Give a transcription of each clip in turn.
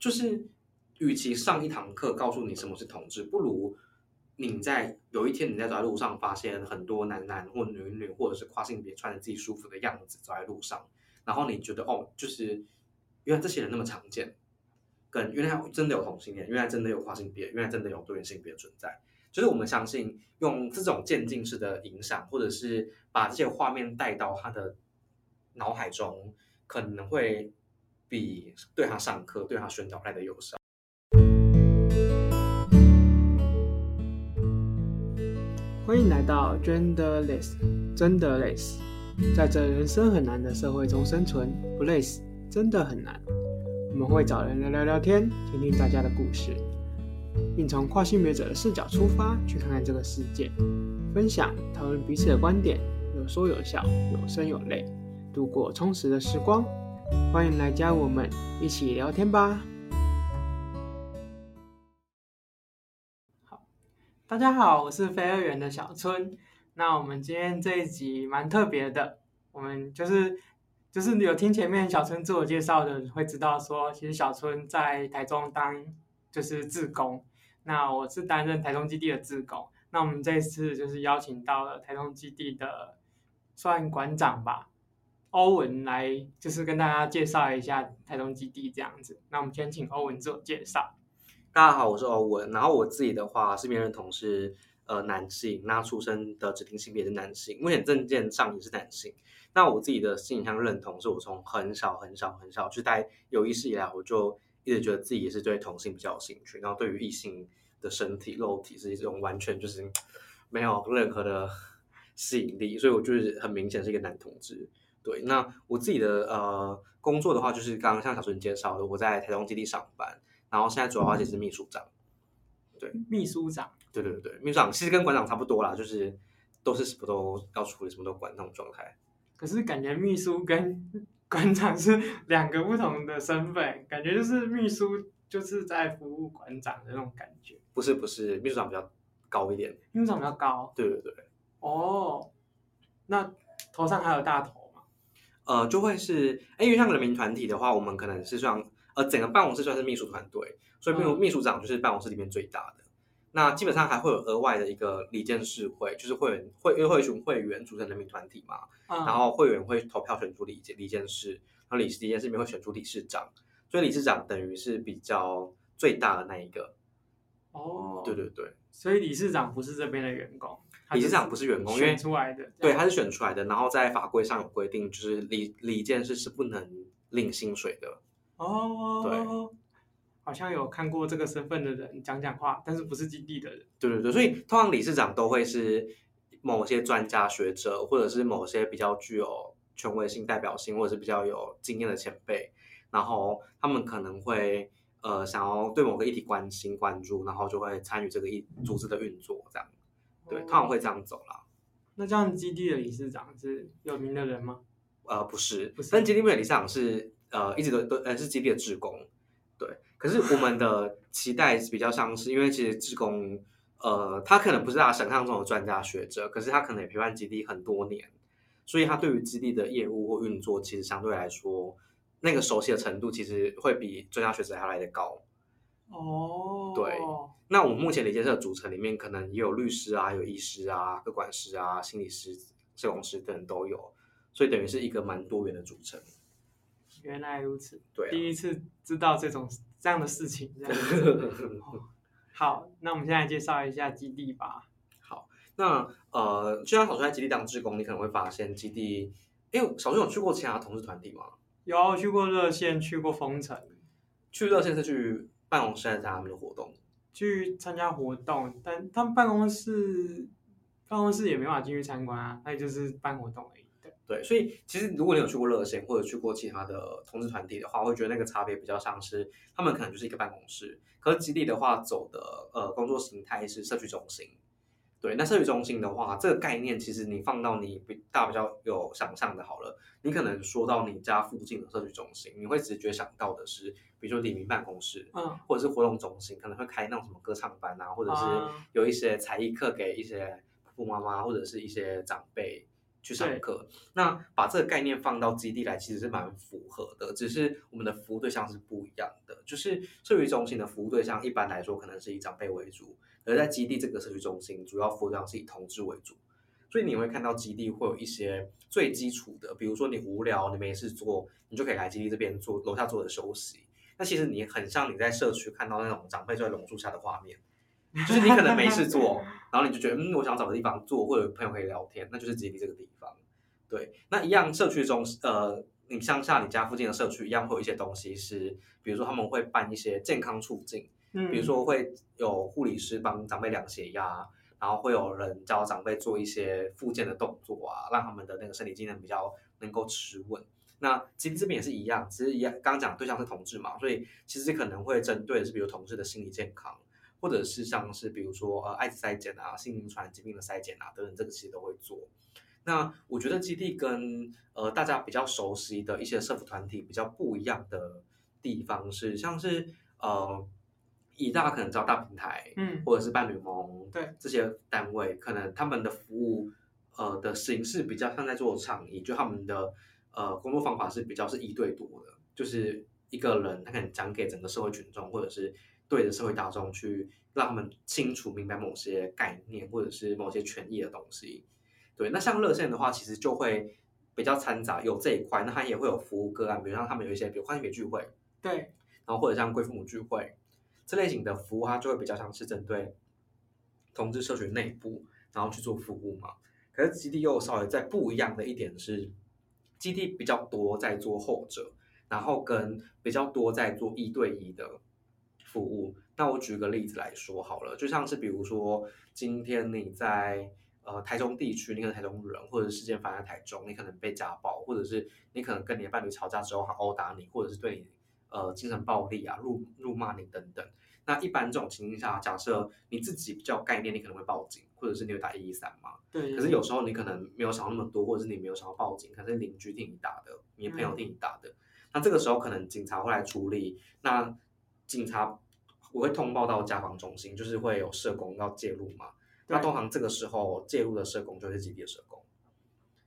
就是，與其上一堂課告訴你什麼是同志，不如你在有一天你在走在路上，發現很多男男或女女，或者是跨性別穿着自己舒服的樣子走在路上，然後你覺得哦，就是原來這些人那麼常見，跟原來真的有同性戀，原來真的有跨性別，原來真的有多元性別存在，就是我們相信用這種漸進式的影響，或者是把這些畫面帶到他的腦海中，可能會。比對他上課，對他尋找來的友善。歡迎來到 Genderless，真的累死。在這人生很難的社會中生存，不累死，真的很難。我們會找人聊聊聊天，聽聽大家的故事，並從跨性別者的視角出發，去看看這個世界，分享、討論彼此的觀點，有說有笑，有聲有淚，度過充實的時光。歡迎來加我們一起聊天吧。大家好，我是非二元的小春。那我們今天這一集蠻特別的，我們就是就是有聽前面小春自我介紹的，會知道說，其實小春在台中當就是志工，那我是擔任台中基地的志工。那我們這次就是邀請到了台中基地的算館長吧。歐文來，就是跟大家介紹一下台中基地這樣子。那我們先請歐文做介紹。大家好，我是歐文。然後我自己的話，性別認同是呃，男性，那出生的指定性別是男性，目前證件上也是男性。那我自己的性向認同，是我從很小很小很小，就大概有意識以來，我就一直覺得自己也是對同性比較有興趣。然後對於異性的身體肉體是一種完全就是沒有任何的吸引力，所以我就是很明顯是一個男同志。對，那我自己的呃工作的話，就是剛剛像小孫介紹的，我在台中基地上班，然後現在主要話就是秘書長。對，秘書長。對對對對，秘書長其實跟館長差不多啦，就是都是什麼都要處理，什麼都管那種狀態。可是感覺秘書跟館長是兩個不同的身份，感覺就是秘書就是在服務館長的那種感覺。不是不是，秘書長比較高一點。秘書長比較高。對對對。哦，那頭上還有大頭。呃，就會是，因為像個人民團體的話，我們可能是算，呃，整個辦公室算是秘書團隊，所以秘書秘書長就是辦公室裡面最大的，嗯、那基本上還會有額外的一個理監事會，就是會員會因為會群會，會，會員組成人民團體嘛，然後會員會投票選出理理監事，然後理事理監事裡面會選出理事長，所以理事長等於是比較最大的那一個，哦，嗯、對對對，所以理事長不是這邊的員工。理事長不是員工因為選出來的，對，他是選出來的。然後在法規上有規定，就是理理監事是是不能領薪水的。哦、嗯，對，好像有看過這個身份的人講講話，但是不是基地的人。對對對，所以通常理事長都會是某些專家學者，或者是某些比較具有權威性、代表性，或者是比較有經驗的前輩。然後他們可能會呃想要對某個議題關心關注，然後就會參與這個一組織的運作這樣。對，通常會這樣走了。那這樣基地的理事長是有名的人嗎？呃，不是，不是。但基地的理事長是呃，一直都都呃是基地的志工。對，可是我們的期待比較像是， 因為其實志工呃，他可能不是大家想象中的專家學者，可是他可能也陪伴基地很多年，所以他對於基地的業務或運作，其實相對來說，那個熟悉的程度，其實會比專家學者還要來得高。哦、oh.，對，那我們目前的先生的組成裡面可能也有律師啊，有醫師啊，個管師啊，心理師、社工師等都有，所以等於是一個蠻多元的組成。原來如此，對、啊，第一次知道這種這樣的事情。事情 oh, 好，那我們現在介紹一下基地吧。好，那呃，就像小俊在基地當志工，你可能會發現基地，哎，為小俊有去過其他同志團體嗎？有，我去過熱線，去過風城，去熱線是去。辦公室還在參加他們的活動，去參加活動，但他們辦公室辦公室也沒法進去參觀啊，那也就是辦活動而已對。對，所以其實如果你有去過熱線或者去過其他的同志團體的話，我會覺得那個差別比較像是他們可能就是一個辦公室，可是基地的話走的呃工作形態是社區中心。對，那社區中心的話，這個概念其實你放到你比大比較有想象的，好了，你可能說到你家附近的社區中心，你會直覺想到的是，比如說，里民辦公室，嗯，或者是活動中心，可能會開那種什麼歌唱班啊，或者是有一些才藝課給一些婆婆媽媽，或者是一些長輩去上課。那把這個概念放到基地來，其實是蠻符合的，只是我們的服務對象是不一樣的。就是社區中心的服務對象一般來說可能是以長輩為主，而在基地這個社區中心，主要服務對象是以同志為主。所以你會看到基地會有一些最基礎的，比如說你無聊，你沒事做，你就可以來基地這邊坐樓下坐着休息。那其實你很像你在社區看到那種長輩在榕樹下的畫面，就是你可能沒事做， 然後你就覺得，嗯，我想找個地方坐，或者有朋友可以聊天，那就是基地這個地方。對，那一樣社區中，呃，你像像你家附近的社區一樣，會有一些東西是，比如說他們會辦一些健康促進，嗯，比如說會有護理師幫長輩量血壓，然後會有人教長輩做一些復健的動作啊，讓他們的那個身體機能比較能夠持穩。那基地這邊也是一樣，其實一樣，剛講對象是同志嘛，所以其實可能會針對的是，比如同志的心理健康，或者是像是比如說呃艾滋篩檢啊、性病傳染疾病的篩檢啊等等，這個其實都會做。那我覺得基地跟呃大家比較熟悉的一些社服團體比較不一樣的地方是，像是呃以大家可能知道大平台，嗯，或者是伴侶盟，對，這些單位可能他們的服務呃的形式比較像在做倡議，就他們的。呃，工作方法是比較是一對多的，就是一個人他可能講給整個社會群眾，或者是對著社會大眾去讓他們清楚明白某些概念或者是某些權益的東西。對，那像熱線的話，其實就會比較摻雜有這一塊，那它也會有服務個案，比如像他們有一些比如跨性別聚會，對，然後或者像櫃父母聚會這類型的服務，它就會比較像是針對同志社群內部，然後去做服務嘛。可是基地又稍微在不一樣的一點是。基地比較多在做後者，然後跟比較多在做一對一的服務。那我舉個例子來說好了，就像是比如說今天你在呃台中地區，你可能台中人，或者是事件發生在台中，你可能被家暴，或者是你可能跟你的伴侶吵架之後他毆打你，或者是對你呃精神暴力啊、辱辱罵你等等。那一般這種情況下，假設你自己比較有概念，你可能會報警，或者是你會打一一三嘛？對。可是有時候你可能沒有想那麼多、嗯，或者是你沒有想到報警，可是鄰居替你打的，你的朋友替你打的、嗯。那這個時候可能警察會來處理。那警察我會通報到家防中心，就是會有社工要介入嘛？那通常這個時候介入的社工就是基地的社工。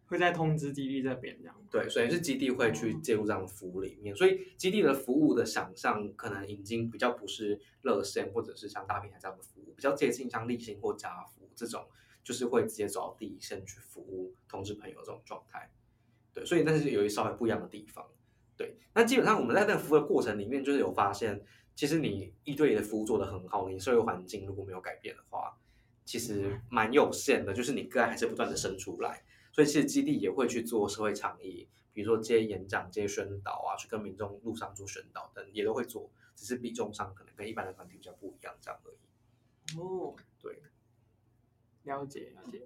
會再通知基地這邊這樣，對，所以是基地會去介入這樣的服務裡面，哦、所以基地的服務的想象可能已經比較不是熱線，或者是像大平台這樣的服務，比較接近像勵馨或家扶這種，就是會直接走到第一線去服務同志朋友這種狀態。對，所以但是有一稍微不一樣的地方，對，那基本上我們在這個服務的過程裡面，就是有發現，其實你一對一的服務做得很好，你社會環境如果沒有改變的話，其實蠻有限的，就是你個案還是不斷的生出來。嗯就是所以其實基地也會去做社會倡議，比如說接演講、接宣導啊，去跟民眾路上做宣導等，也都會做，只是比重上可能跟一般的團體比較不一樣這樣而已。哦，對，了解了解。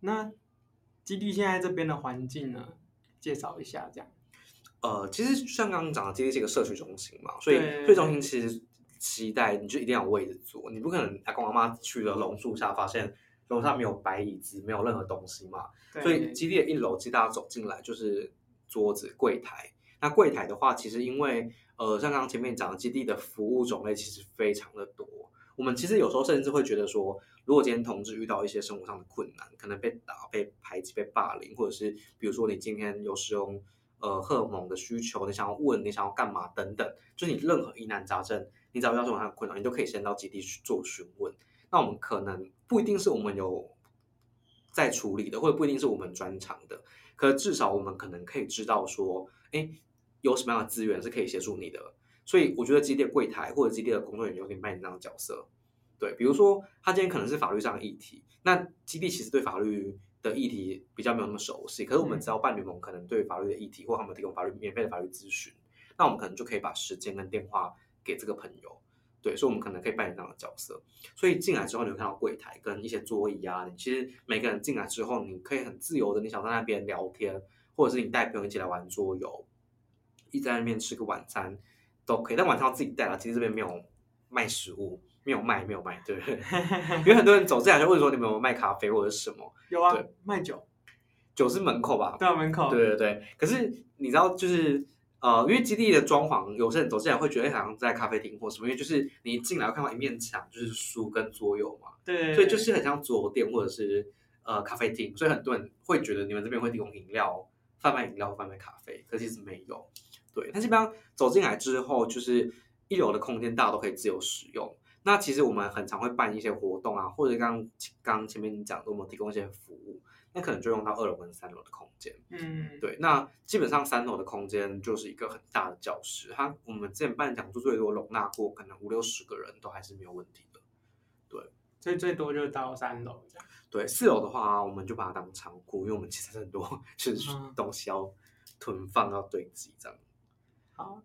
那基地現在這邊的環境呢？嗯，介紹一下這樣。呃，其實像剛剛講的，基地是一個社區中心嘛，所以最中心其實期待你就一定要位置做，你不可能阿公阿媽去了榕樹下發現。樓上沒有擺椅子，沒有任何東西嘛，所以基地的一樓，其實大家走進來就是桌子、櫃檯。那櫃檯的話，其實因為呃，像剛剛前面講的，基地的服務種類其實非常的多。我們其實有時候甚至會覺得說，如果今天同志遇到一些生活上的困難，可能被打、被排擠、被霸凌，或者是比如說你今天有使用呃荷爾蒙的需求，你想要問，你想要幹嘛等等，就是你任何疑難雜症，你找不到什麼很困擾，你都可以先到基地去做詢問。那我們可能。不一定是我們有在處理的，或者不一定是我們專長的，可是至少我們可能可以知道說，哎，有什麼樣的資源是可以協助你的。所以我覺得基地的櫃檯或者基地的工作人員有點扮演那種角色，對，比如說他今天可能是法律上的議題，那基地其實對法律的議題比較沒有那麼熟悉，可是我們知道伴侶盟可能對法律的議題或他們提供法律免費的法律諮詢，那我們可能就可以把時間跟電話給這個朋友。對，所以我們可能可以扮演這樣的角色。所以進來之後，你會看到櫃檯跟一些桌椅啊，其實每個人進來之後，你可以很自由的，你想在那邊聊天，或者是你帶朋友一起來玩桌遊，一在那邊吃個晚餐都可以。但晚上要自己帶了，其實這邊沒有賣食物，沒有賣，沒有賣。對不對？ 因為很多人走進來就問說，你們有賣咖啡或者什麼？有啊，賣酒，酒是門口吧？對啊，門口。對對對。可是你知道就是。呃，因為基地的裝潢，有些人走進來會覺得好像在咖啡廳或什麼，因為就是你一進來會看到一面牆，就是書跟桌遊嘛，對，所以就是很像桌遊店，或者是呃咖啡廳，所以很多人會覺得你們這邊會提供飲料，販賣飲料，販賣咖啡，可其實沒有，對，但是剛剛走進來之後，就是一樓的空間大家都可以自由使用，那其實我們很常會辦一些活動啊，或者剛剛前面你講的，我們提供一些服務。那可能就用到二樓跟三樓的空間，嗯，對。那基本上三樓的空間就是一個很大的教室，它我們之前辦講座最多的容納過可能五六十個人，都還是沒有問題的。對，所以最多就到三樓這樣。對，四樓的話，我們就把它當倉庫，因為我們其實很多其實東西要囤放、嗯、要堆積這樣。好，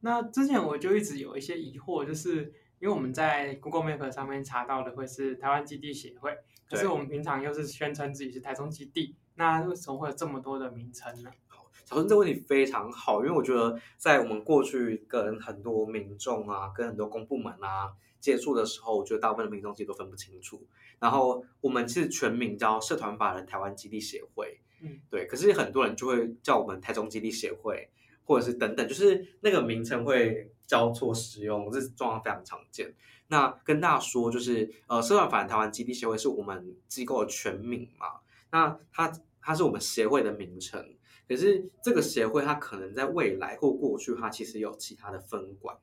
那之前我就一直有一些疑惑，就是。因為我們在 Google Map 上面查到的會是台灣基地協會，可是我們平常又是宣稱自己是台中基地，那為什麼會有這麼多的名稱呢？好，小春這個問題非常好，因為我覺得在我們過去跟很多民眾啊、跟很多公部門啊接觸的時候，我覺得大部分的民眾其實都分不清楚。然後我們是全名叫社團法人台灣基地協會，嗯，對，可是很多人就會叫我們台中基地協會。或者是等等，就是那個名稱會交錯使用，這是狀況非常常見。那跟大家說，就是呃，社團法人台灣基地協會是我們機構的全名嘛？那它它是我們協會的名稱，可是這個協會它可能在未來或過去，它其實有其他的分管。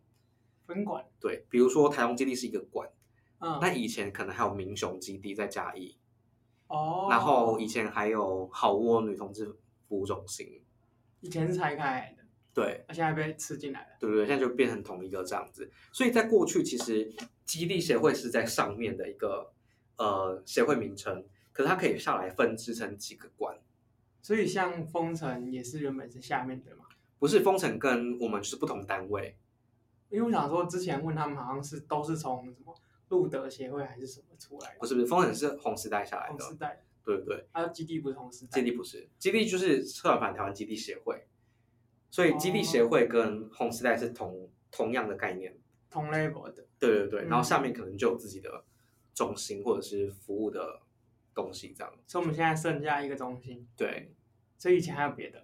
分管對，比如說台中基地是一個管，嗯，那以前可能還有民雄基地在嘉義，哦，然後以前還有好窩女同志服務中心，以前是拆開。對，那現在被吃進來了。對對對，現在就變成同一個這樣子。所以在過去，其實基地協會是在上面的一個呃協會名稱，可是它可以下來分支成幾個館。所以像風城也是原本是下面的嗎？不是，風城跟我們是不同單位。因為我想說，之前問他們好像是都是從什麼路德協會還是什麼出來的？不是不是，風城是紅絲帶下來的。紅絲帶的對對對，還、啊、有基地不是紅絲帶，基地不是，基地就是社團法人台灣基地協會。所以基地協會跟紅絲帶是同、哦、同樣的概念，同 level 的。對對對、嗯，然後下面可能就有自己的中心或者是服務的東西這樣。所以我們現在剩下一個中心。對，所以以前還有別的，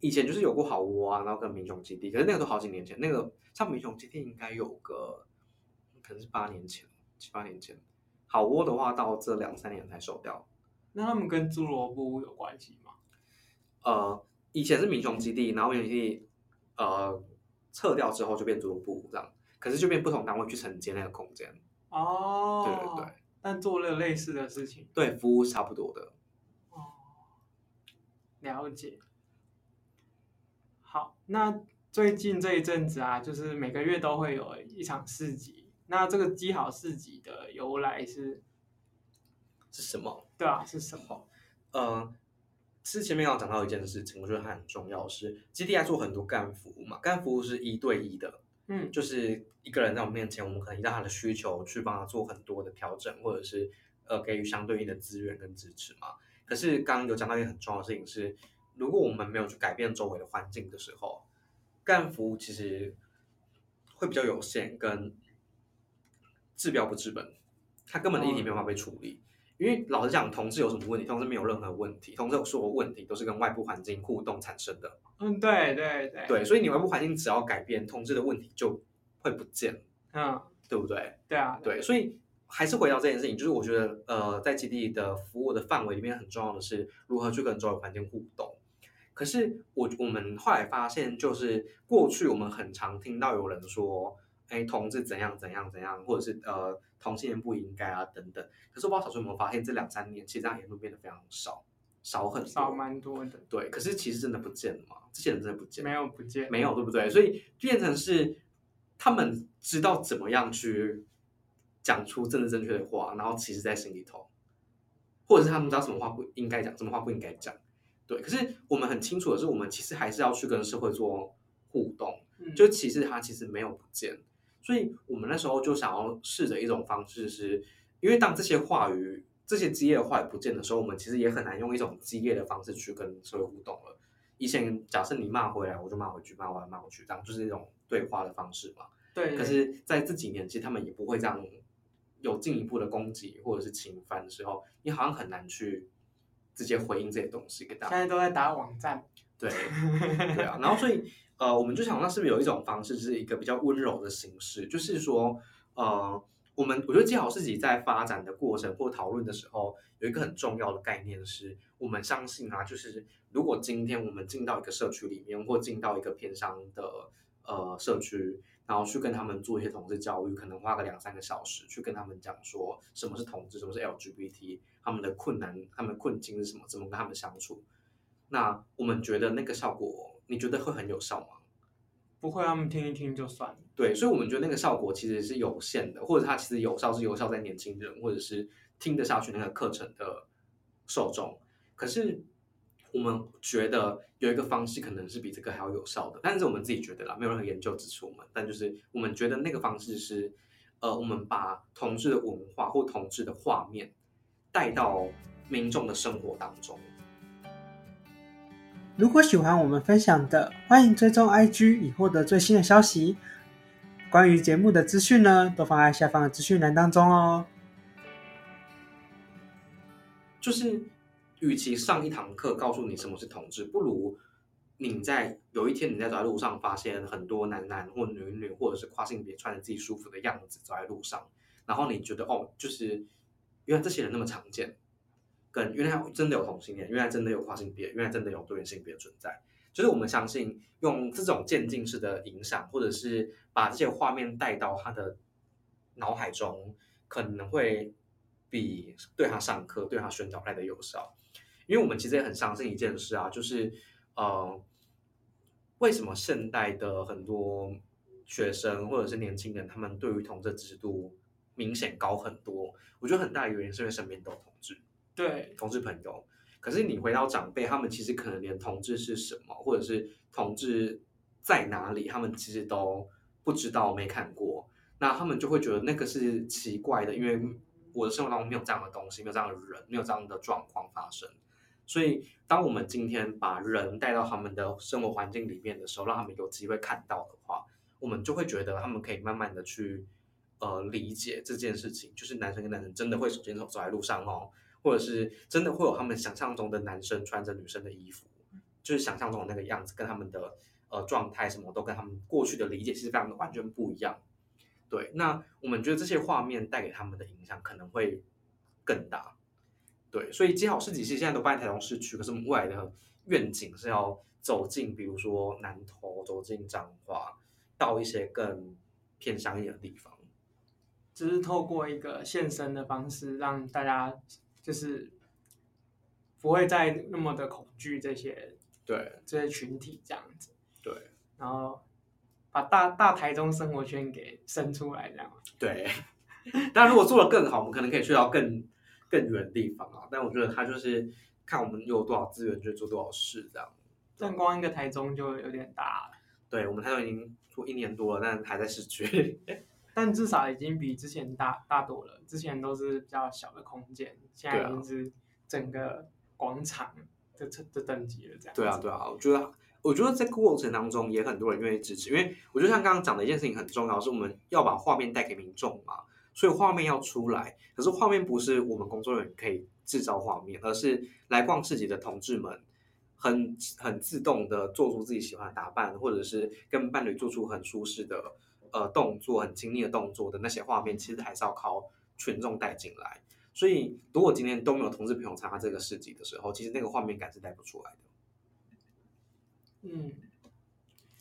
以前就是有過好窩啊，然後跟民眾基地，可是那個都好幾年前，那個像民眾基地應該有個可能是八年前，七八年前。好窩的話，到這兩三年才收掉。那他們跟豬蘿布有關係嗎？呃。以前是民雄基地，然後民雄基地呃撤掉之後就變總部這樣，可是就變不同單位去承接那個空間哦，對對對，但做了類似的事情，對，服務差不多的哦，了解。好，那最近這一陣子啊，就是每個月都會有一場市集，那這個基好市集的由來是是什麼？對啊，是什麼？呃。之前面要講到一件事情，我覺得它很重要是，是 GDI 做很多干服務嘛，干服務是一對一的，嗯，就是一個人在我們面前，我們可能依照他的需求去幫他做很多的調整，或者是呃給予相對應的資源跟支持嘛。可是剛剛有講到一個很重要的事情是，如果我們沒有去改變周圍的環境的時候，干服務其實會比較有限，跟治標不治本，它根本的議題沒有辦法被處理。哦因為老實講，同志有什麼問題？同志沒有任何問題。同志有所有問題都是跟外部環境互動產生的。嗯，對對對，對。所以你外部環境只要改變，同志的問題就會不見。嗯，對不對？嗯，對啊，對，對。所以還是回到這件事情，就是我覺得，呃，在基地的服務的範圍裡面，很重要的是如何去跟周圍環境互動。可是我我們後來發現，就是過去我們很常聽到有人說：“哎，同志怎樣怎樣怎樣”，或者是呃。同性戀不應該啊，等等。可是我不知道小時候有沒有發現，這兩三年其實這樣言論變得非常少，少很多，少蠻多的。對，可是其實真的不見了嘛，這些人真的不見，沒有不見，沒有對不對？所以變成是他們知道怎麼樣去講出政治正確的話，然後其實在心裡頭，或者是他們知道什麼話不應該講，什麼話不應該講。對，可是我們很清楚的是，我們其實還是要去跟社會做互動，就其實他其實沒有不見。所以我們那時候就想要試着一種方式是，是因為當這些話語、這些激烈的話語不見的時候，我們其實也很難用一種激烈的方式去跟社會互動了。以前假設你罵回來，我就罵回去，罵回來罵回去，這樣就是一種對話的方式嘛。對。可是，在這幾年，其實他們也不會這樣，有進一步的攻擊或者是侵犯的時候，你好像很難去直接回應這些東西給大家。現在都在打網站。對，對啊。 然後，所以。呃，我們就想到是不是有一種方式，是一個比較溫柔的形式，就是說，呃，我們我覺得基好自己在發展的過程或討論的時候，有一個很重要的概念是，我們相信啊，就是如果今天我們進到一個社區裡面，或進到一個偏鄉的呃社區，然後去跟他們做一些同志教育，可能花個兩三個小時去跟他們講說什麼是同志，什麼是 LGBT，他們的困難，他們的困境是什麼，怎麼跟他們相處，那我們覺得那個效果。你覺得會很有效嗎？不會啊，我們聽一聽就算了。對，所以，我們覺得那個效果其實是有限的，或者它其實有效是有效在年輕人，或者是聽得下去那個課程的受眾。可是，我們覺得有一個方式可能是比這個還要有效的，但是我們自己覺得啦，沒有任何研究支持我們，但就是我們覺得那個方式是，呃，我們把同志的文化或同志的畫面帶到民眾的生活當中。如果喜歡我們分享的，歡迎追蹤 IG 以獲得最新的消息。關於節目的資訊呢，都放在下方的資訊欄當中哦。就是，與其上一堂課告訴你什麼是同志，不如你在有一天你在走在路上，發現很多男男或女女，或者是跨性別穿着自己舒服的樣子走在路上，然後你覺得哦，就是原來這些人那麼常見。跟原來真的有同性戀，原來真的有跨性別，原來真的有多元性別存在，就是我們相信用這種漸進式的影響，或者是把這些畫面帶到他的腦海中，可能會比對他上課、對他宣導來的有效。因為我們其實也很相信一件事啊，就是呃，為什麼現代的很多學生或者是年輕人，他們對於同志的知識度明顯高很多？我覺得很大的原因是因為身邊都有同志。對，同志朋友，可是你回到長輩，他們其實可能連同志是什麼，或者是同志在哪裡，他們其實都不知道，沒看過，那他們就會覺得那個是奇怪的，因為我的生活當中沒有這樣的東西，沒有這樣的人，沒有這樣的狀況發生。所以，當我們今天把人帶到他們的生活環境裡面的時候，讓他們有機會看到的話，我們就會覺得他們可以慢慢的去呃理解這件事情，就是男生跟男生真的會手牽手走在路上哦。或者是真的會有他們想象中的男生穿着女生的衣服，就是想象中的那個樣子，跟他們的呃狀態什麼都跟他們過去的理解是非常的完全不一樣。對，那我們覺得這些畫面帶給他們的影響可能會更大。對，所以基好生活節現在都辦在台中市區，可是我們未來的願景是要走進比如說南投，走進彰化，到一些更偏鄉野的地方，只是透過一個現身的方式讓大家，就是不會再那麼的恐懼這些，對這些群體這樣子，對。然後把大大台中生活圈給生出來這樣對。但如果做得更好， 我們可能可以去到更更遠的地方啊。但我覺得他就是看我們有多少資源，就做多少事這樣。但光一個台中就有點大了。對，我們台中已經做一年多了，但還在市區。 但至少已經比之前大大多了，之前都是比較小的空間，現在已經是整個廣場的層級了，這樣。對啊，對啊，我覺得，我覺得在過程當中也很多人願意支持，因為我就像剛剛講的一件事情很重要，是我們要把畫面帶給民眾嘛。所以畫面要出來。可是畫面不是我們工作人員可以制造畫面，而是來逛市集的同志們很，很很自動的做出自己喜歡的打扮，或者是跟伴侶做出很舒適的。呃，動作很親密的動作的那些畫面，其實還是要靠群眾帶進來。所以，如果今天都沒有同志朋友參加這個市集的時候，其實那個畫面感是帶不出來的。嗯，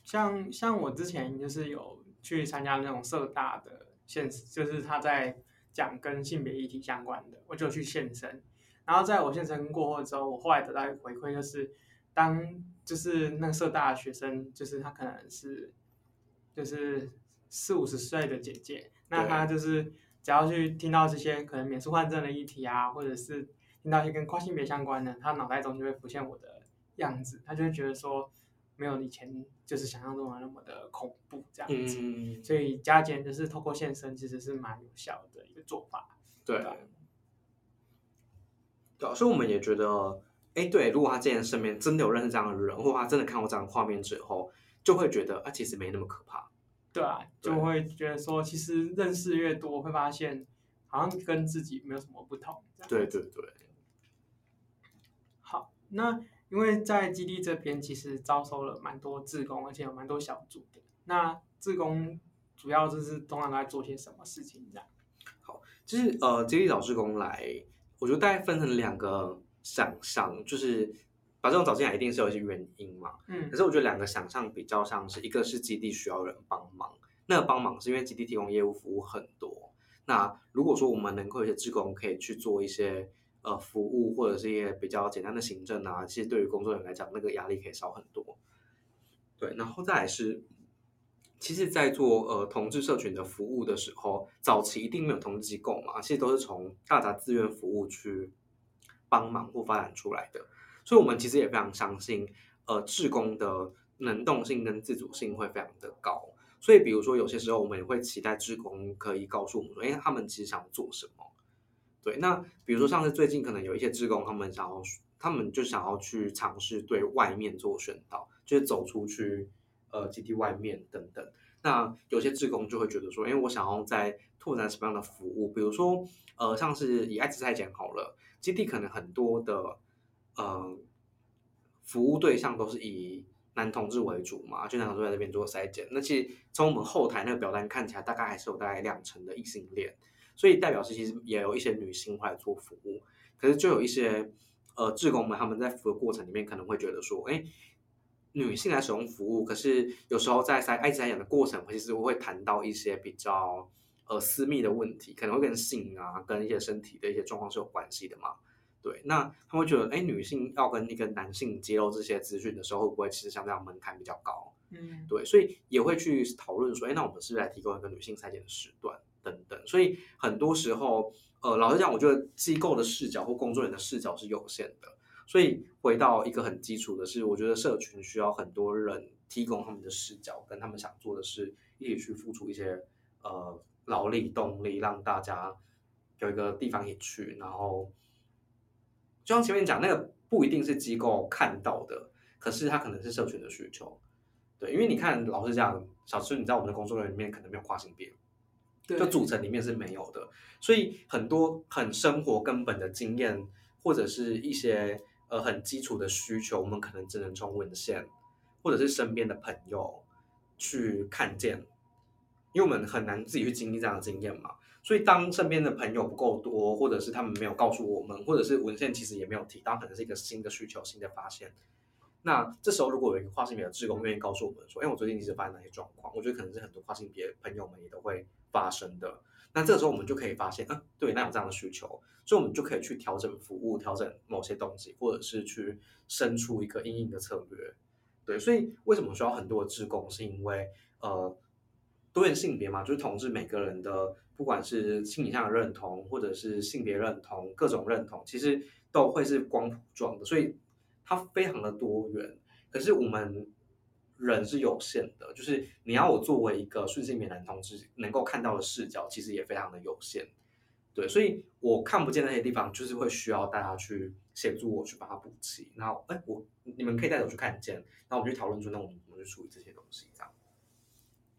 像像我之前就是有去參加那種社大的獻，就是他在講跟性別議題相關的，我就去現身。然後，在我現身過後之後，我後來得到一個回饋就是，當就是那個社大的學生，就是他可能是，就是。四五十歲的姐姐，那她就是只要去聽到這些可能免術換證的議題啊，或者是聽到一些跟跨性別相關的，她腦袋中就會浮現我的樣子，她就會覺得說沒有以前就是想象中的那麼的恐怖這樣子，嗯、所以加減就是透過現身，其實是蠻有效的一個做法對。對，對，所以我們也覺得，哎、欸，對，如果他家人身邊真的有認識這樣的人，或者他真的看過這樣的畫面之後，就會覺得啊，其實沒那麼可怕。對啊，就會覺得說，其實認識越多，會發現好像跟自己沒有什麼不同。對對對。好，那因為在基地這邊，其實招收了蠻多志工，而且有蠻多小組的。那志工主要就是通常在做些什麼事情？這樣、啊。好，就是呃，基地找志工來，我覺得大概分成兩個想象，就是。把這種找進來一定是有一些原因嘛，嗯，可是我覺得兩個想象比較像是，一個是基地需要人幫忙，那個幫忙是因為基地提供業務服務很多，那如果說我們能夠有些志工可以去做一些呃服務或者是一些比較簡單的行政啊，其實對於工作人員來講，那個壓力可以少很多。對，然後再來是，其實，在做呃同志社群的服務的時候，早期一定沒有同志機構嘛，其實都是從大家志願服務去幫忙或發展出來的。所以我們其實也非常相信，呃，志工的能動性跟自主性會非常的高。所以，比如說有些時候，我們也會期待志工可以告訴我們說：“哎，他們其實想做什麼？”對，那比如說像是最近可能有一些志工，他們想要，他們就想要去嘗試對外面做宣導，就是走出去，呃，基地外面等等。那有些志工就會覺得說：“因、哎、為我想要在拓展什麼樣的服務？比如說，呃，像是愛滋篩檢好了，基地可能很多的，呃。”服務對象都是以男同志為主嘛，就男同志在那邊做篩檢。那其實從我們後台那個表單看起來，大概還是有大概兩成的異性戀，所以代表是其實也有一些女性會來做服務。可是就有一些呃，志工們他們在服務過程裡面可能會覺得說，哎、欸，女性來使用服務，可是有時候在篩艾滋病的過程，其實會談到一些比較呃私密的問題，可能會跟性啊，跟一些身體的一些狀況是有關係的嘛。對，那他們會覺得，哎，女性要跟一個男性揭露這些資訊的時候，會不會其實像這樣門檻比較高？嗯，對，所以也會去討論說，哎，那我們是不是來提供一個女性篩選的時段等等？所以很多時候，呃，老實講，我覺得機構的視角或工作人員的視角是有限的。所以回到一個很基礎的是，我覺得社群需要很多人提供他們的視角跟他們想做的事，一起去付出一些呃勞力動力，讓大家有一個地方也去，然後。就像前面講，那個不一定是機構看到的，可是它可能是社群的需求，對，因為你看老師這樣，小池，你在我們的工作人員裡面可能沒有跨性別，對，就組成裡面是沒有的，所以很多很生活根本的經驗或者是一些呃很基礎的需求，我們可能只能從文獻或者是身邊的朋友去看見，因為我們很難自己去經歷這樣的經驗嘛。所以，當身邊的朋友不夠多，或者是他們沒有告訴我們，或者是文獻其實也沒有提到，可能是一個新的需求、新的發現。那這時候，如果有一個跨性別的志工願意告訴我們說：“哎，我最近一直發生哪些狀況，我覺得可能是很多跨性別的朋友們也都會發生的。”那這時候，我們就可以發現，嗯、啊，對，那有這樣的需求，所以我們就可以去調整服務，調整某些東西，或者是去生出一個因應的策略。對，所以為什麼需要很多的志工？是因為，呃，多元性別嘛，就是同志每個人的。不管是心理上的認同，或者是性別認同，各種認同，其實都會是光譜狀的，所以它非常的多元。可是我們人是有限的，就是你要我作為一個順性別男同志能夠看到的視角，其實也非常的有限。對，所以我看不見那些地方，就是會需要大家去協助我去把它補齊。然後，哎、欸，我你們可以帶我去看見，然後我們去討論出，那我們怎麼去處理這些東西，這樣。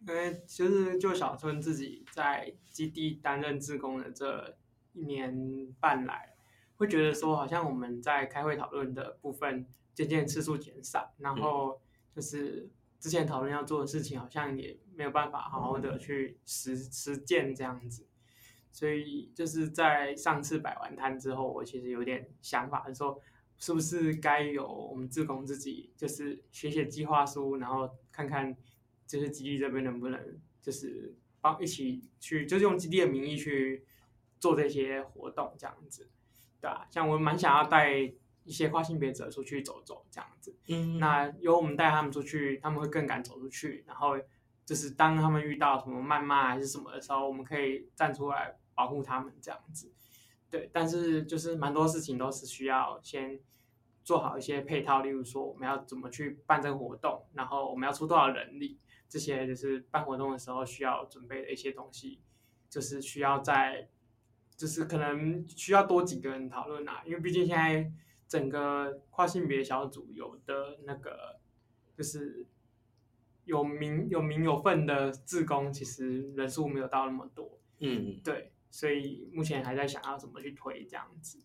呃、欸，其、就、實、是、就小春自己在基地擔任志工的這一年半來，會覺得說好像我們在開會討論的部分漸漸次數減少，嗯，然後就是之前討論要做的事情好像也沒有辦法好好的去實、嗯、實踐這樣子，所以就是在上次擺完攤之後，我其實有點想法是說，是不是該有我們志工自己就是寫寫計劃書，然後看看。就是基地這邊能不能就是幫一起去，就是用基地的名義去做這些活動這樣子，對啊。像我蠻想要帶一些跨性別者出去走走這樣子，嗯，那由我們帶他們出去，他們會更敢走出去。然後就是當他們遇到什麼謾罵還是什麼的時候，我們可以站出來保護他們這樣子，對。但是就是蠻多事情都是需要先做好一些配套，例如說我們要怎麼去辦這個活動，然後我們要出多少人力。這些就是辦活動的時候需要準備的一些東西，就是需要在，就是可能需要多幾個人討論啊，因為畢竟現在整個跨性別小組有的那個就是有名有名有份的志工，其實人數沒有到那麼多，嗯，對，所以目前還在想要怎麼去推這樣子。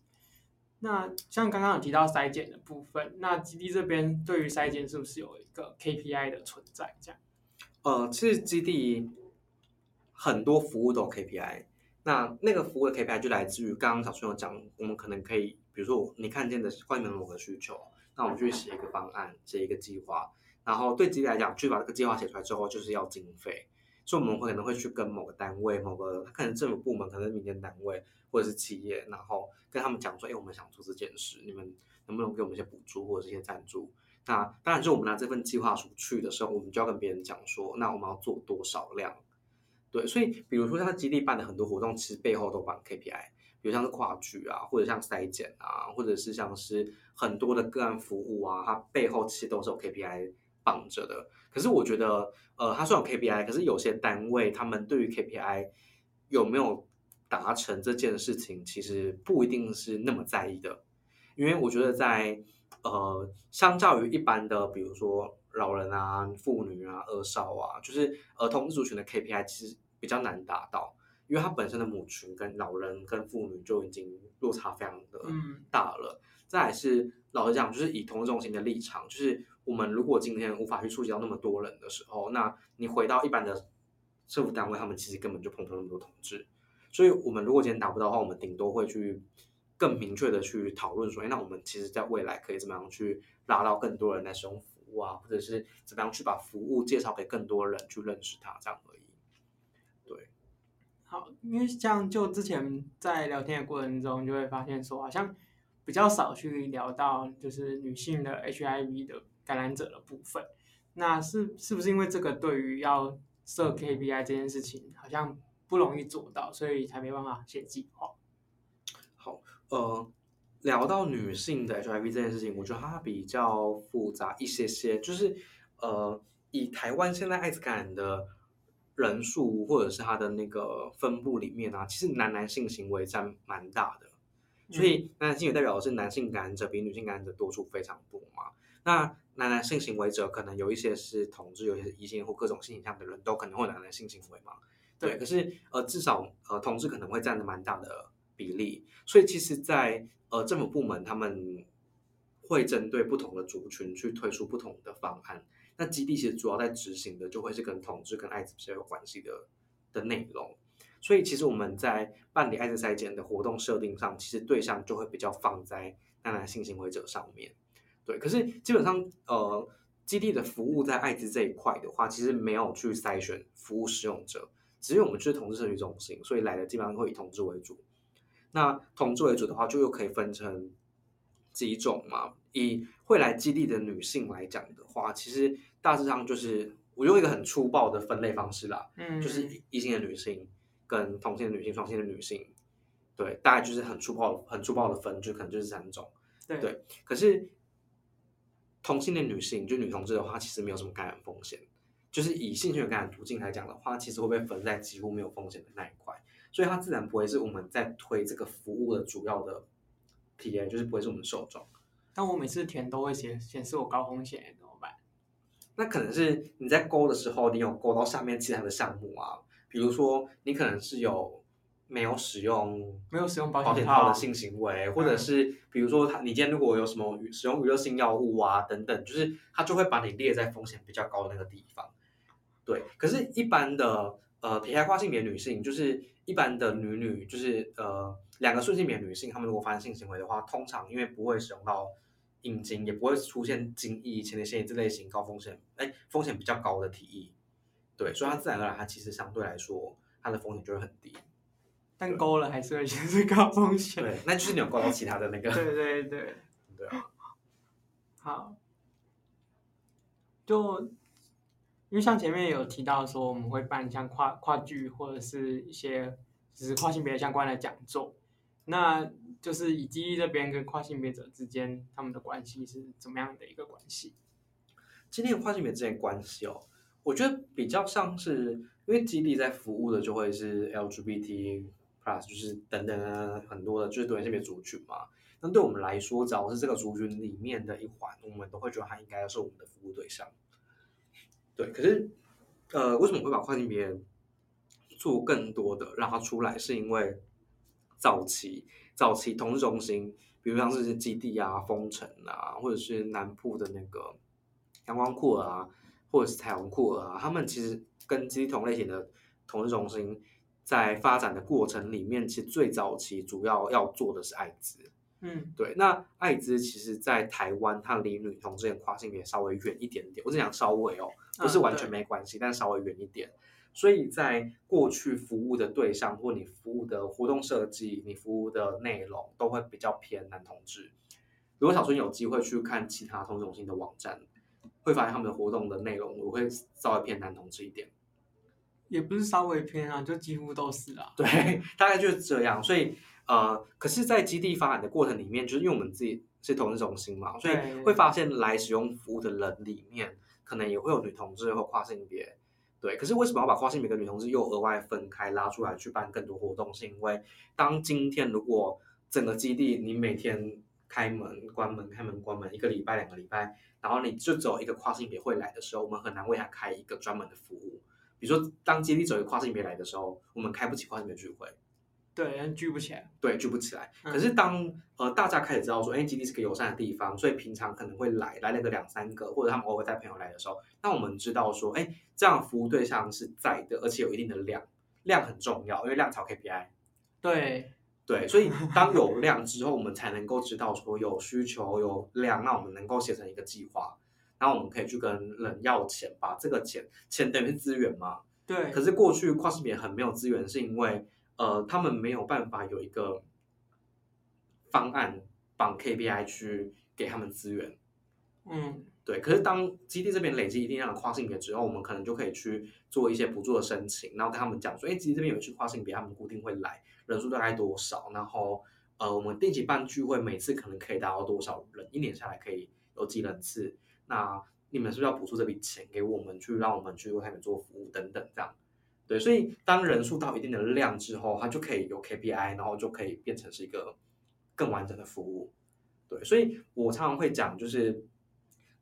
那像剛剛有提到篩檢的部分，那基地這邊對於篩檢是不是有一個 KPI 的存在這樣？呃，其實基地很多服務都有 KPI，那那個服務的 KPI 就來自於剛剛小朋友講，我們可能可以，比如說你看見的外面的某個需求，那我們去寫一個方案，寫一個計劃，然後對基地來講，去把這個計劃寫出來之後，就是要經費，所以我們會可能會去跟某個單位、某個他可能政府部門，可能是民間單位或者是企業，然後跟他們講說，誒、哎，我們想做這件事，你們能不能給我們一些補助或者是一些贊助？那當然，就我們拿這份計劃書去的時候，我們就要跟別人講說，那我們要做多少量？對，所以比如說像基地辦的很多活動，其實背後都綁 KPI，比如像是跨距啊，或者像篩檢啊，或者是像是很多的個案服務啊，它背後其實都是有 KPI 綁着的。可是我覺得，呃，它算有 KPI，可是有些單位他們對於 KPI 有沒有達成這件事情，其實不一定是那麼在意的，因為我覺得在。呃，相較於一般的，比如說老人啊、婦女啊、二少啊，就是兒童自族群的 KPI 其實比較難達到，因為他本身的母群跟老人跟婦女就已經落差非常的大了。嗯、再來是老實講，就是以同志中心的立場，就是我們如果今天無法去觸及到那麼多人的時候，那你回到一般的政府單位，他們其實根本就碰不到那麼多同志。所以我們如果今天達不到的話，我們頂多會去。更明確的去討論說，哎、欸，那我們其實在未來可以怎麼樣去拉到更多人來使用服務啊，或者是怎麼樣去把服務介紹給更多人去認識它，這樣而已。對，好，因為像就之前在聊天的過程中，你就會發現說，好像比較少去聊到就是女性的 HIV 的感染者的部分。那是是不是因為這個對於要設 KPI 這件事情，好像不容易做到，嗯、所以才沒辦法寫計劃？呃，聊到女性的 HIV 這件事情、嗯，我覺得它比較複雜一些些。就是，呃，以台灣現在艾滋感染的人數，或者是它的那個分布裡面啊，其實男男性行為占蠻大的。嗯、所以男男性也代表的是男性感染者比女性感染者多出非常多嘛。那男男性行為者可能有一些是同志，有一些異性或各種性傾向的人都可能會有男男性行為嘛。對，對可是呃，至少呃，同志可能會占的蠻大的。比例，所以其實在，在呃政府部門他們會針對不同的族群去推出不同的方案。那基地其實主要在執行的，就會是跟同志跟艾滋這有關係的的內容。所以其實我們在辦理艾滋篩檢的活動設定上，其實對象就會比較放在那男性行為者上面。對，可是基本上呃基地的服務在艾滋這一塊的話，其實沒有去篩選服務使用者，只是我們是同志社區中心，所以來的基本上會以同志為主。那同志為主的話，就又可以分成幾種嘛？以會來基地的女性來講的話，其實大致上就是我用一個很粗暴的分類方式啦，嗯，就是異性的女性跟同性的女性，雙性的女性，對，大概就是很粗暴、很粗暴的分，就可能就是三種，對。對，可是同性的女性，就女同志的話，其實沒有什麼感染風險。就是以性，性的感染途徑來講的話，其實會被分在幾乎沒有風險的那一塊。所以它自然不會是我們在推這個服務的主要的體驗，就是不會是我們受眾。但我每次填都會顯顯示我高風險，怎麼辦？那可能是你在勾的時候，你有勾到下面其他的項目啊，比如說你可能是有沒有使用沒有使用保險套的性行為，或者是比如說他你今天如果有什麼使用娛樂性藥物啊等等，就是它就會把你列在風險比較高的那個地方。對，可是，一般的。呃，皮下跨性別女性，就是一般的女女，就是呃，兩個順性別女性，她們如果發生性行為的話，通常因為不會使用到陰莖，也不會出現精液、前列腺這類型高風險，哎、欸，風險比較高的體液。對，所以它自然而然，它其實相對來說，它的風險就會很低。但勾了還是全是高風險。對，那就是你有勾到其他的那個。 對,對對對。對啊。好。就。因為像前面有提到說，我們會辦像跨跨劇或者是一些，就是跨性別相關的講座，那就是基地這邊跟跨性別者之間他們的關係是怎麼樣的一個關係？今天的跨性別之間關係哦，我覺得比較像是因為基地在服務的就會是 LGBT plus 就是等等啊，很多的就是多元性別族群嘛。那對我們來說，只要是這個族群裡面的一環，我們都會覺得他應該要是我們的服務對象。對，可是，呃，為什麼會把跨性別做更多的讓它出來？是因為早期早期同志中心，比如像是基地啊、豐城啊，或者是南部的那個陽光酷兒啊，或者是彩虹酷兒啊，他們其實跟基地同類型的同志中心，在發展的過程裡面，其實最早期主要要做的是愛滋。嗯，對，那艾滋其實，在台灣，它離女同志的跨性也稍微遠一點點。我只想稍微哦，不是完全沒關係，嗯，但稍微遠一點。所以在過去服務的對象，或你服務的活動設計，你服務的內容，都會比較偏男同志。如果小春有機會去看其他同種性的網站，會發現他們的活動的內容，我會稍微偏男同志一點。也不是稍微偏啊，就幾乎都是啊。對，大概就是這樣。所以。呃，可是，在基地發展的過程裡面，就是因為我們自己是同志中心嘛，所以會發現來使用服務的人裡面，可能也會有女同志或跨性別，對。可是，為什麼要把跨性別跟女同志又額外分開拉出來去辦更多活動？是因為當今天如果整個基地你每天開門關門、開門關門，一個禮拜、兩個禮拜，然後你就只有一個跨性別會來的時候，我們很難為他開一個專門的服務。比如說，當基地只有跨性別來的時候，我們開不起跨性別聚會。對，人聚不起來。對，聚不起來。嗯、可是當呃大家開始知道說，哎、欸，基地是個友善的地方，所以平常可能會來來了個兩三個，或者他們偶爾帶朋友來的時候，那我們知道說，哎、欸，這樣服務對象是在的，而且有一定的量，量很重要，因為量超 KPI。對對，所以當有量之後，我們才能夠知道說有需求 有量，那我們能夠寫成一個計劃，那我們可以去跟人要錢，把這個錢錢等於資源嘛。對。可是過去跨性別很沒有資源，是因為。呃，他們沒有辦法有一個方案綁 KPI 去給他們資源，嗯，對。可是當基地這邊累積一定量的跨性別之後，我們可能就可以去做一些補助的申請，然後跟他們講說，哎、欸，基地這邊有一群跨性別，他們固定會來，人數大概多少？然後，呃，我們定期辦聚會，每次可能可以達到多少人？一年下來可以有幾人次？那你們是不是要補助這筆錢給我們，去讓我們去為他們做服務等等這樣？對，所以當人數到一定的量之後，它就可以有 KPI，然後就可以變成是一個更完整的服務。對，所以我常常會講，就是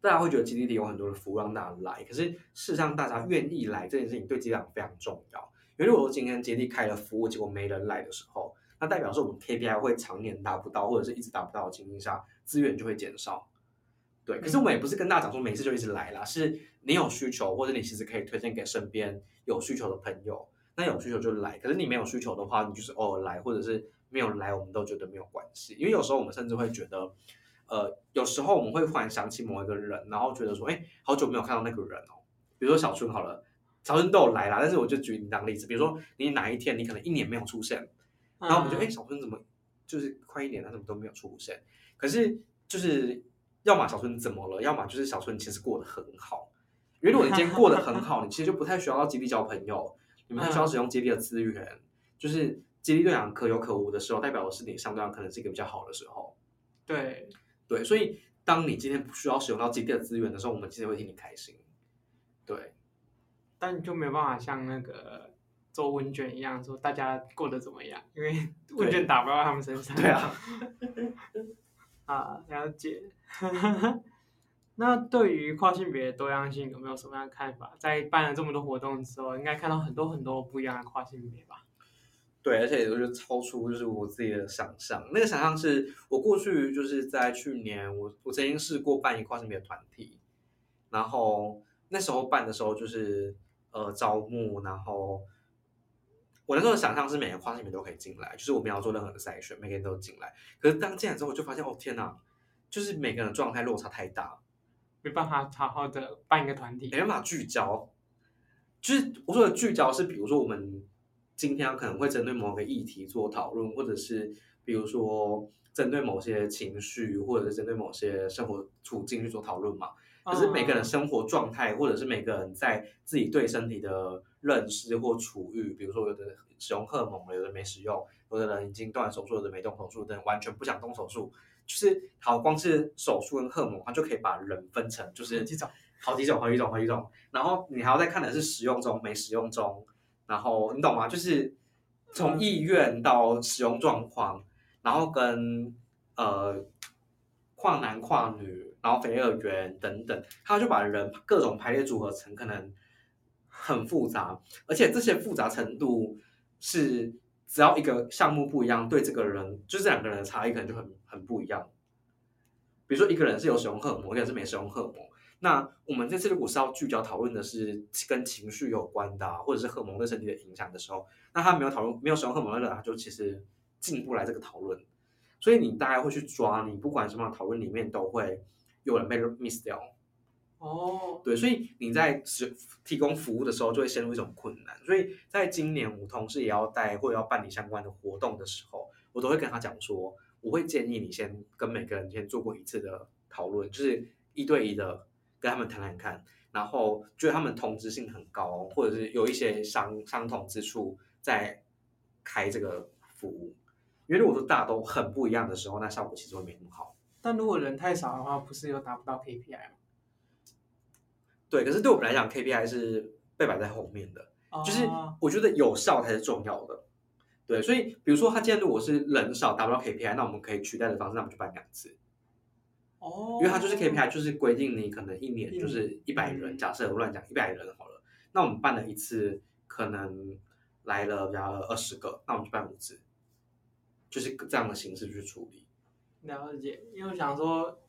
大家會覺得基地有很多的服務讓大家來，可是事實上，大家願意來這件事情對基地非常重要。因為如果今天基地開了服務，結果沒人來的時候，那代表是我們 KPI 會常年達不到，或者是一直達不到的情況下，資源就會減少。對，可是我們也不是跟大家講說每次就一直來啦，是。你有需求，或者你其實可以推薦給身邊有需求的朋友。那有需求就來，可是你沒有需求的話，你就是偶爾來，或者是沒有來，我們都覺得沒有關係。因為有時候我們甚至會覺得，呃，有時候我們會忽然想起某一個人，然後覺得說：“欸，好久沒有看到那個人哦。”比如說小春好了，小春都有來啦，但是我就舉你這樣例子，比如說你哪一天你可能一年沒有出現，然後我覺得：“欸，小春怎麼就是快一年了，怎麼都沒有出現？”可是就是，要麼小春怎麼了，要麼就是小春其實過得很好。 因為如果你今天過得很好，你其實就不太需要到基地交朋友，你們不需要使用基地的資源，嗯、就是基地對你可有可無的時候，代表的是你上對可能是一個比較好的時候。對對，所以當你今天不需要使用到基地的資源的時候，我們其實會替你開心。對，但你就沒有辦法像那個做問卷一樣說大家過得怎麼樣，因為問卷打不到他們身上。對，對啊。啊， 了解。 那對於跨性別多樣性有沒有什麼樣的看法？在辦了這麼多活動之後，應該看到很多很多不一樣的跨性別吧？對，而且我覺得超出就是我自己的想象。那個想象是我過去就是在去年，我我曾經試過辦一個跨性別團體，然後那時候辦的時候就是呃招募，然後我那時候的想象是每個跨性別都可以進來，就是我沒有要做任何的篩選，每個人都進來。可是當進來之後，我就發現哦天哪、啊，就是每個人狀態落差太大。沒辦法好好的辦一個團體，沒辦法聚焦，就是我說的聚焦是，比如說我們今天可能會針對某個議題做討論，或者是比如說針對某些情緒，或者是針對某些生活處境去做討論嘛。可、就是每個人生活狀態，或者是每個人在自己對身體的認識或處遇，比如說有的使用荷爾蒙，有的沒使用，有的人已經動完手術，有的沒動手術，有的完全不想動手術。就是好光是手術跟荷爾蒙，它就可以把人分成就是好幾種好幾種好幾種，然後你還要再看的是使用中沒使用中，然後你懂嗎？就是從意願到使用狀況，然後跟呃跨男跨女，然後非二元等等，他就把人各種排列組合成可能很複雜，而且這些複雜程度是。只要一個項目不一樣，對這個人，就這兩個人的差異可能就很很不一樣。比如說，一個人是有使用荷爾蒙，一個人是沒使用荷爾蒙。那我們這次如果是要聚焦討論的是跟情緒有關的、啊，或者是荷爾蒙對身體的影響的時候，那他沒有討論，沒有使用荷爾蒙的人，他就其實進不來這個討論。所以你大家會去抓，你不管什麼討論裡面都會有人被 miss 掉。哦、oh，對，所以你在使提供服務的時候就會陷入一種困難。所以在今年我同事也要帶或者要辦理相關的活動的時候，我都會跟他講說，我會建議你先跟每個人先做過一次的討論，就是一對一的跟他們談談看，然後覺得他們同質性很高，或者是有一些相相同之處，再開這個服務，因為如果說大都很不一樣的時候，那效果其實會沒那麼好。但如果人太少的話，不是又達不到 KPI 嗎？對，可是對我們來講，KPI 是被擺在後面的、啊，就是我覺得有效才是重要的。對，所以比如說他今天我是人少達不到 KPI，那我們可以取代的方式，那我們就辦兩次。哦。因為他就是 KPI，就是規定你可能一年就是一百人、嗯，假設我亂講一百人好了，那我們辦了一次，可能來了然後二十個，那我們就辦五次，就是這樣的形式去處理。了解，因為我想說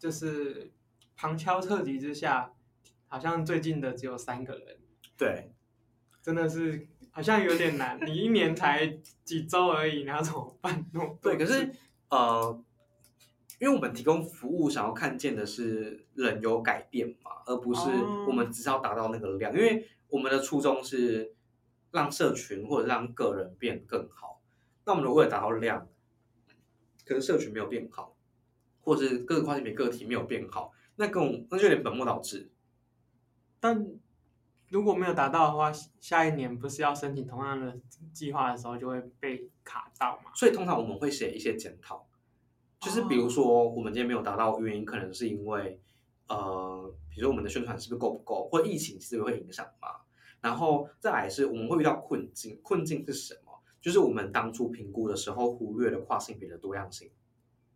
就是旁敲側擊之下。好像最近的只有三個人，對，真的是好像有點難。 你一年才幾周而已，你要怎麼辦？ 對，可是呃，因為我們提供服務，想要看見的是人有改變嘛，而不是我們只是要達到那個量。Oh. 因為我們的初衷是讓社群或者讓個人變得更好。那我們如果有達到量，可是社群沒有變好，或者是各個跨性別個體沒有變好，那更，那就有點本末倒置。但如果沒有達到的話，下一年不是要申請同樣的計劃的時候就會被卡到嘛？所以通常我們會寫一些檢討，就是比如說我們今天沒有達到，原因，oh. 可能是因為呃，比如說我們的宣傳是不是夠不夠，或疫情其實會影響嘛？然後再來是我們會遇到困境，困境是什麼？就是我們當初評估的時候忽略了跨性別的多樣性。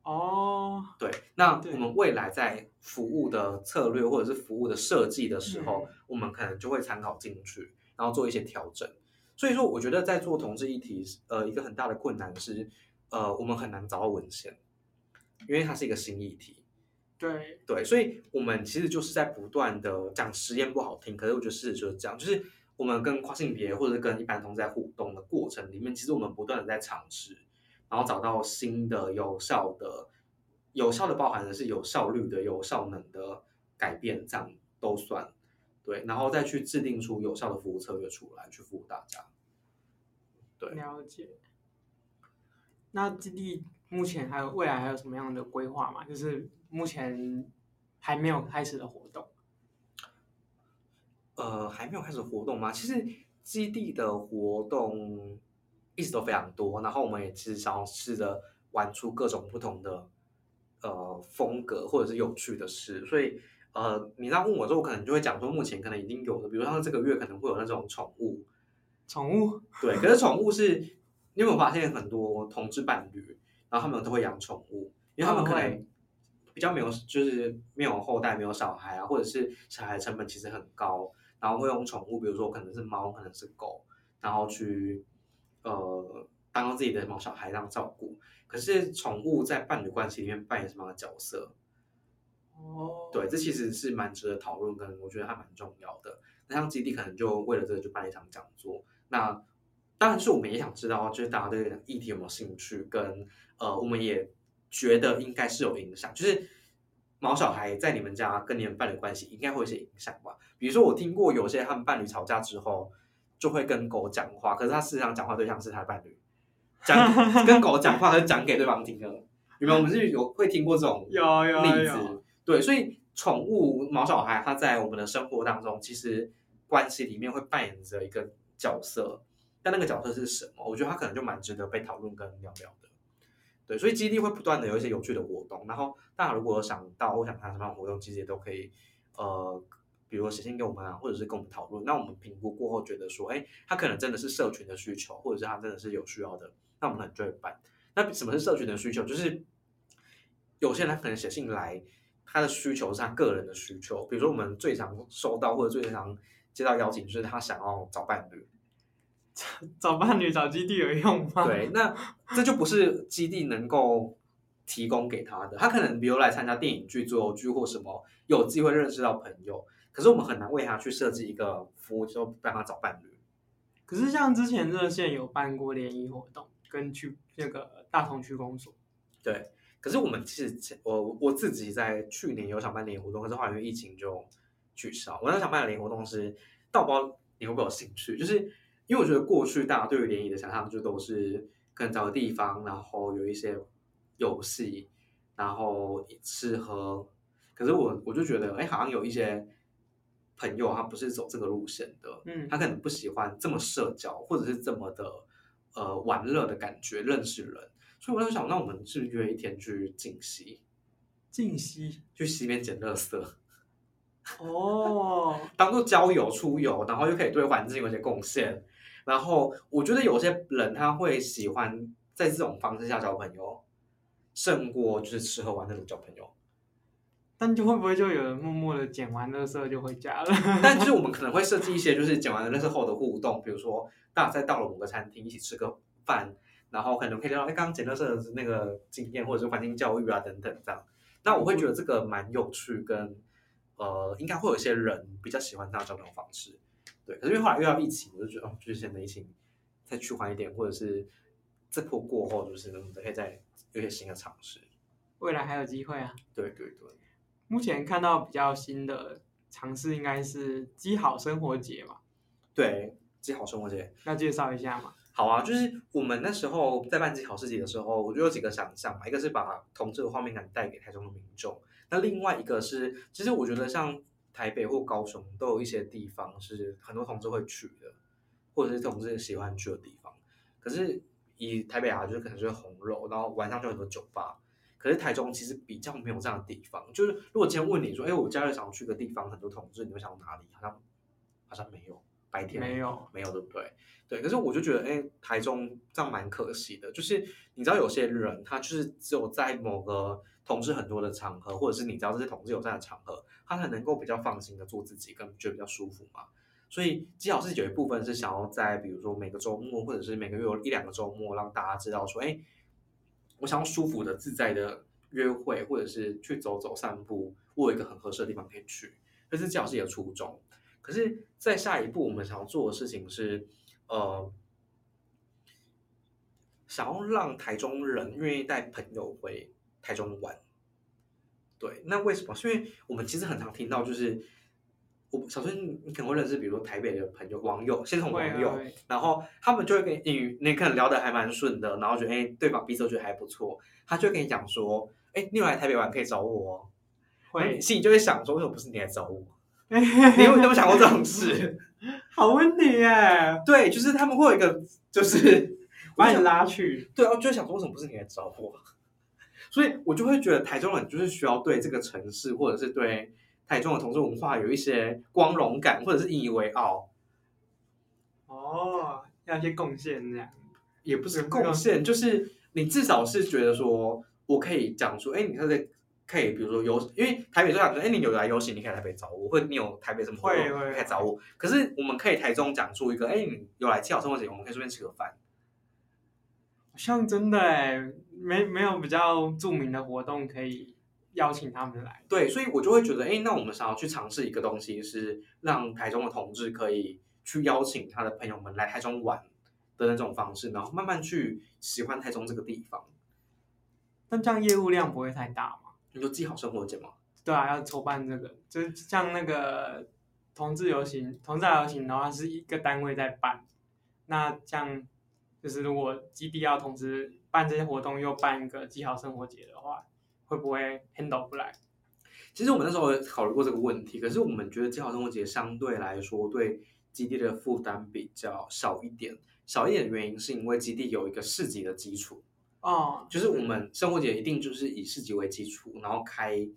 哦，對，那我們未來在服務的策略或者是服務的設計的時候，我們可能就會參考進去，然後做一些調整。所以說，我覺得在做同志議題，呃，一個很大的困難是，呃，我們很難找到文獻，因為它是一個新議題。對對，所以我們其實就是在不斷的講實驗不好聽，可是我覺得事實就是這樣，就是我們跟跨性別或者跟一般同志在互動的過程裡面，其實我們不斷的在嘗試。然後找到新的有效的、有效的包含的是有效率的、有效能的改變，這樣都算對。然後再去制定出有效的服務策略出來，去服務大家。對，了解。那基地目前還有未來還有什麼樣的規劃嗎？就是目前還沒有開始的活動？呃，還沒有開始活動嗎？其實基地的活動。一直都非常多，然後我們也想要試着玩出各種不同的呃、風格，或者是有趣的事。所以呃，你剛問我之後，我可能就會講說，目前可能已經有的，比如像這個月可能會有那種寵物。寵物對，可是寵物是因為我發現很多同志伴侶，然後他們都會養寵物，因為他們可能比較沒有，就是沒有後代，沒有小孩啊，或者是小孩成本其實很高，然後會用寵物，比如說可能是貓，可能是狗，然後去。呃，當自己的毛小孩這樣照顧，可是寵物在伴侶關係裡面扮演什麼樣的角色？哦、oh.，對，這其實是蠻值得討論，跟我覺得還蠻重要的。那像基地可能就為了這個就辦了一場講座。那當然是我們也想知道，就是大家對這個議題有沒有興趣？跟呃，我們也覺得應該是有影響，就是毛小孩在你們家跟你們伴侶關係應該會有一些影響吧？比如說我聽過有些他們伴侶吵架之後。就會跟狗講話，可是他事實上講話對象是它的伴侶，講跟狗講話，它就講給對方聽的、 嗯。有沒有？我們是有會聽過這種例子，對，所以寵物毛小孩，它在我們的生活當中，其實關係裡面會扮演着一個角色，但那個角色是什麼？我覺得它可能就蠻值得被討論跟聊聊的。對，所以基地會不斷的有一些有趣的活動，然後大家如果想到，我想看什麼樣活動，其實也都可以，呃。比如寫信給我們啊，或者是跟我們討論。那我們評估過後覺得說，誒、欸、他可能真的是社群的需求，或者是他真的是有需要的。那我們可能就會辦。那什麼是社群的需求？就是有些人他可能寫信來，他的需求是他個人的需求。比如說，我們最常收到或者最常接到邀請，就是他想要找伴侶。找找伴侶，找基地有用嗎？對，那這就不是基地能夠提供給他的。他可能比如來參加電影劇、最後劇或什麼，有機會認識到朋友。可是我們很難為他去設置一個服務，之後幫他找伴侶。可是像之前熱線有辦過聯誼活動，跟去那個大同區工作。對，可是我們其實我我自己在去年有想辦聯誼活動，可是後來因為疫情就取消。我在想辦聯誼活動是，但我不知道你會不會有興趣，就是因為我覺得過去大家對於聯誼的想象就都是可能找個地方，然後有一些遊戲，然後也吃喝。可是我我就覺得，哎，好像有一些。朋友，他不是走這個路線的，嗯，他可能不喜歡這麼社交，嗯、或者是這麼的呃玩樂的感覺認識人，所以我就想，那我們就約一天去淨溪。淨溪，去溪邊撿垃圾，哦， 當做郊遊出遊，然後又可以對環境有些貢獻，然後我覺得有些人他會喜歡在這種方式下交朋友，勝過就是吃喝玩樂的交朋友。但就會不會就有人默默的撿完垃圾就回家了？ 但就是我們可能會設計一些就是撿完垃圾後的互動，比如說大家到了某個餐廳一起吃個飯，然後可能可以聊到，哎，剛剛撿到的那個經驗或者是環境教育啊等等這樣。那我會覺得這個蠻有趣，跟呃應該會有一些人比較喜歡他這種，種方式。對，可是因為後來遇到疫情，我就覺得哦，就是現在疫情再趨緩一點，或者是這波過後就是我們可以再有一些新的嘗試。未來還有機會啊！對對對。目前看到比較新的嘗試，應該是“基好生活節”嘛。對，“基好生活節”要介紹一下嘛？好啊，就是我們那時候在辦“基好市集”的時候，我就有幾個想象嘛。一個是把同志的畫面感帶給台中的民眾，那另外一個是，其實我覺得像台北或高雄都有一些地方是很多同志會去的，或者是同志喜歡去的地方。可是以台北啊，就是可能是紅樓，然後晚上就很多酒吧。可是台中其實比較沒有這樣的地方，就是如果今天問你說，哎、欸，我假日想要去個地方，很多同志，你會想到哪裡？好像好像沒有白天、啊、沒有沒有對不對？對，可是我就覺得，哎、欸，台中這樣蠻可惜的，就是你知道有些人他就是只有在某個同志很多的場合，或者是你知道這些同志有在的場合，他才能夠比較放心的做自己，跟覺得比較舒服嘛。所以至少是有一部分是想要在，比如說每個周末，或者是每個月有一兩個周末，讓大家知道說，哎、欸。我想要舒服的、自在的約會，或者是去走走、散步。我有一個很合適的地方可以去。但是，這樣是有初衷。可是，在下一步，我們想要做的事情是，呃，想要讓台中人願意帶朋友回台中玩。對，那為什麼？是因為我們其實很常聽到，就是。我小時候，你你可能會認識，比如說台北的朋友、網友，先從網友、啊，然後他們就會跟你你可能聊得還蠻順的，然後覺得哎，對吧？彼此覺得還不錯，他就會跟你講說，哎，你有來台北玩可以找我哦。會，心裡就會想說，為什麼不是你來找我？ 你有有沒有想過這種事？ 好問題耶！對，就是他們會有一個，就是把你拉去，對啊，就會想說為什麼不是你來找我？所以我就會覺得台中人就是需要對這個城市，或者是對。台中的同志文化有一些光榮感，或者是引以為傲。哦，要一些貢獻這樣，也不是貢獻、嗯，就是你至少是覺得說，我可以講出，哎、嗯，你可以，比如說有，因為台北講說兩說哎，你有來遊行，你可以台北找我，或你有台北什麼朋友可以找我。可是我們可以台中講出一個，哎，你有來基好生活節，我們可以隨便吃個飯，好像真的哎，沒沒有比較著名的活動可以。邀請他們來，對，所以我就會覺得，誒，那我們想要去嘗試一個東西，是讓台中的同志可以去邀請他的朋友們來台中玩的那種方式，然後慢慢去喜歡台中這個地方。那這樣業務量不會太大嗎？你就基好生活節嗎？對啊，要籌辦這個，就是像那個同志遊行、同志來遊行的話是一個單位在辦，那像就是如果基地要同時辦這些活動又辦一個基好生活節的話。會不會 handle 不來？其實我們那時候也考慮過這個問題，可是我們覺得基好生活節相對來說對基地的負擔比較少一點。少一點的原因是因為基地有一個市集的基礎哦，oh, 就是我們生活節一定就是以市集為基礎，然後開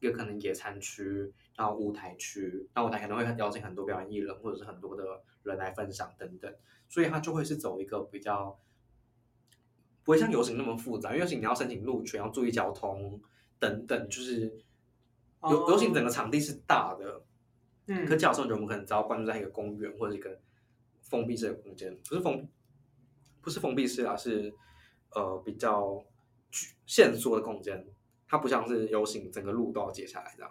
一個可能野餐區，然後舞台區，然後舞台可能會邀請很多表演藝人或者是很多的人來分享等等，所以他就會是走一個比較。不會像遊行那麼複雜，因為遊行你要申請路權，要注意交通等等。就是遊、oh. 遊行整個場地是大的，嗯，可教授就我們可能只要關注在一個公園或者一個封閉式的空間，不是封不是封閉式啊，是呃比較限縮的空間。它不像是遊行，整個路都要截下來這樣。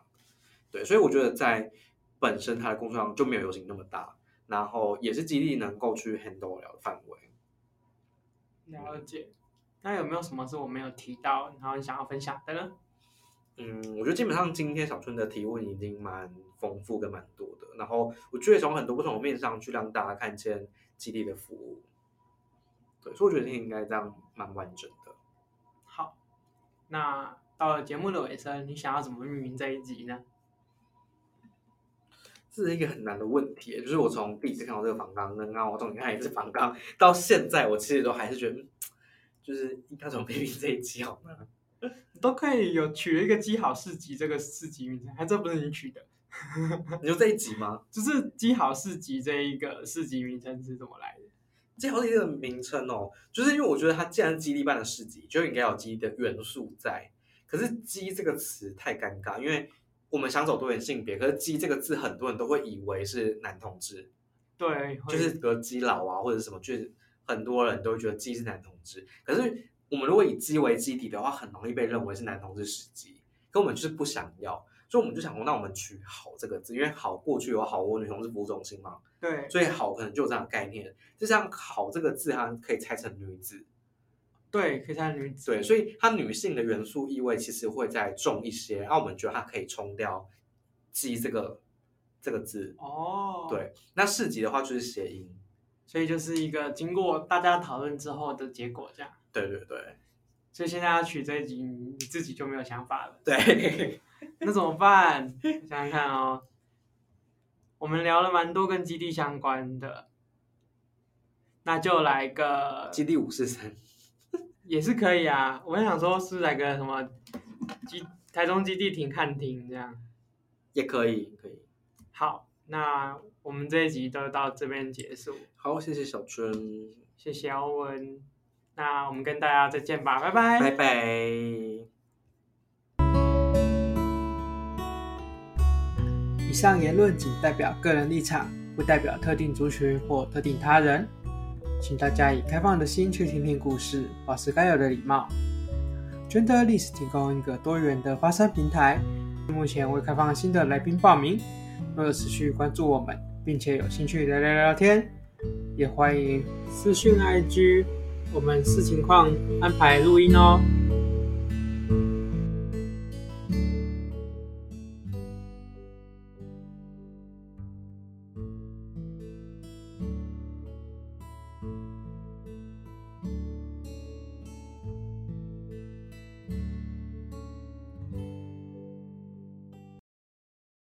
對，所以我覺得在本身它的工作量就沒有遊行那麼大，然後也是基地能夠去 handle 了的範圍。了解。那有沒有什麼是我沒有提到，然後你想要分享的呢？嗯，我覺得基本上今天小春的提問已經蠻豐富跟蠻多的，然後我就會從很多不同的面上去讓大家看見基地的服務。對，所以我覺得今天應該這樣蠻完整的。好，那到了節目的尾聲，你想要怎麼命名這一集呢？這是一個很難的問題，就是我從第一次看到這個訪綱，然後我重點看一次訪綱， 到現在我其實都還是覺得。就是應該從 “gay” 這一集好嗎？ 都可以有取一個“基好市集”這個市集名稱，還真不是你取的。 你說這一集嗎？就是“基好市集”這一個市集名稱是怎麼來的？“基好市集”的名稱哦，就是因為我覺得它既然基地辦的市集，就應該有“基”的元素在。可是“基”這個詞太尷尬，因為我們想走多元性別，可是“基”這個字很多人都會以為是男同志。對，就是得基佬啊，或者什麼就是。很多人都覺得“基”是男同志，可是我們如果以“基”為基底的話，很容易被認為是男同志十雞，可我們就是不想要，所以我們就想說，那我們取“好”這個字，因為“好”過去有好多女同志服務中心嘛，對，所以“好”可能就有這樣的概念。就像“好”這個字，它可以拆成女子，對，可以拆女子，對，所以它女性的元素意味其實會再重一些，讓我們覺得它可以沖掉“基”這個這個字哦。對，那四級的話就是諧音。所以就是一個經過大家討論之後的結果，這樣。對對對。所以現在要取這一集，你自己就沒有想法了。對。那怎麼辦？ 想想看哦。我們聊了蠻多跟基地相關的，那就來個基地五四三。 也是可以啊，我想說是，是來個什麼基，台中基地停看聽，這樣。也可以，可以。好。那我們這一集就到這邊結束。好，謝謝小春，謝謝 Owen，那我們跟大家再見吧，拜拜，拜拜。以上言論僅代表個人立場，不代表特定族群或特定他人，請大家以開放的心去聽聽故事，保持該有的禮貌。Genderless 提供一個多元的發聲平台，目前未開放新的來賓報名，或者持續關注我們，並且有興趣聊聊聊天，也歡迎私訊 IG，我們視情況安排錄音哦。